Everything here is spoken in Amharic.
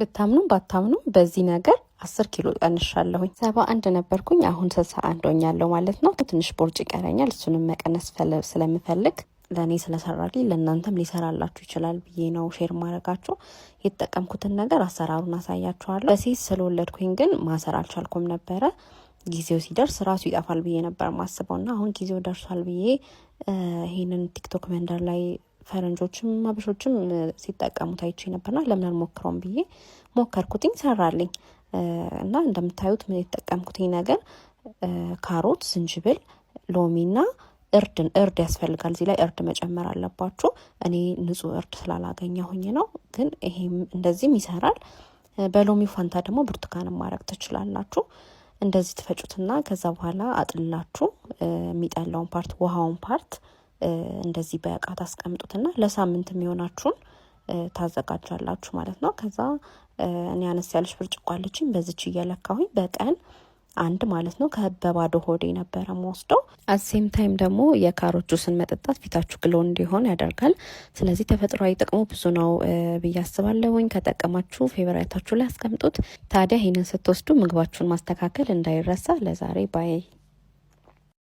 ብታምኑም ባታምኑም በዚህ ነገር አስር ኪሎ ቀንሻለሁኝ። ሰባ አንድ ነበርኩኝ አሁን ስልሳ አንድ ሆኛለሁ ማለት ነው። ትንሽ ቦርጭ ይቀረኛል። እሱንም መቀነስ ስለምፈልግ ለእኔ ስለሰራልኝ ለእናንተም ሊሰራላችሁ ይችላል ብዬ ነው ሼር ማድረጋችሁ። የተጠቀምኩትን ነገር አሰራሩን አሳያችኋለሁ። በሴት ስለወለድኩኝ ግን ማሰር አልቻልኩም ነበረ። ጊዜው ሲደርስ ራሱ ይጠፋል ብዬ ነበር ማስበው እና አሁን ጊዜው ደርሷል ብዬ ይህንን ቲክቶክ መንደር ላይ ፈረንጆችም አበሾችም ሲጠቀሙት አይቼ ነበርና ለምን አልሞክረውም ብዬ ሞከርኩትኝ፣ ሰራልኝ እና እንደምታዩት ምን የተጠቀምኩትኝ ነገር ካሮት፣ ዝንጅብል፣ ሎሚና እርድን እርድ ያስፈልጋል። እዚህ ላይ እርድ መጨመር አለባችሁ። እኔ ንጹህ እርድ ስላላገኘሁኝ ነው፣ ግን ይሄም እንደዚህም ይሰራል። በሎሚው ፋንታ ደግሞ ብርቱካንም ማድረግ ትችላላችሁ። እንደዚህ ትፈጩትና ከዛ በኋላ አጥልላችሁ የሚጠላውን ፓርት ውሃውን ፓርት እንደዚህ በእቃ ታስቀምጡትና ለሳምንት የሚሆናችሁን ታዘጋጃላችሁ ማለት ነው። ከዛ እኔ አነስ ያለች ብርጭቆ አለችኝ። በዚች እየለካሁኝ በቀን አንድ ማለት ነው ከበባዶ ሆዴ ነበረ መወስደው። አሴም ታይም ደግሞ የካሮት ጁስን መጠጣት ፊታችሁ ግሎ እንዲሆን ያደርጋል። ስለዚህ ተፈጥሯዊ ጥቅሙ ብዙ ነው ብዬ አስባለሁኝ። ከጠቀማችሁ ፌቨራይታችሁ ላይ አስቀምጡት። ታዲያ ይህንን ስትወስዱ ምግባችሁን ማስተካከል እንዳይረሳ። ለዛሬ ባይ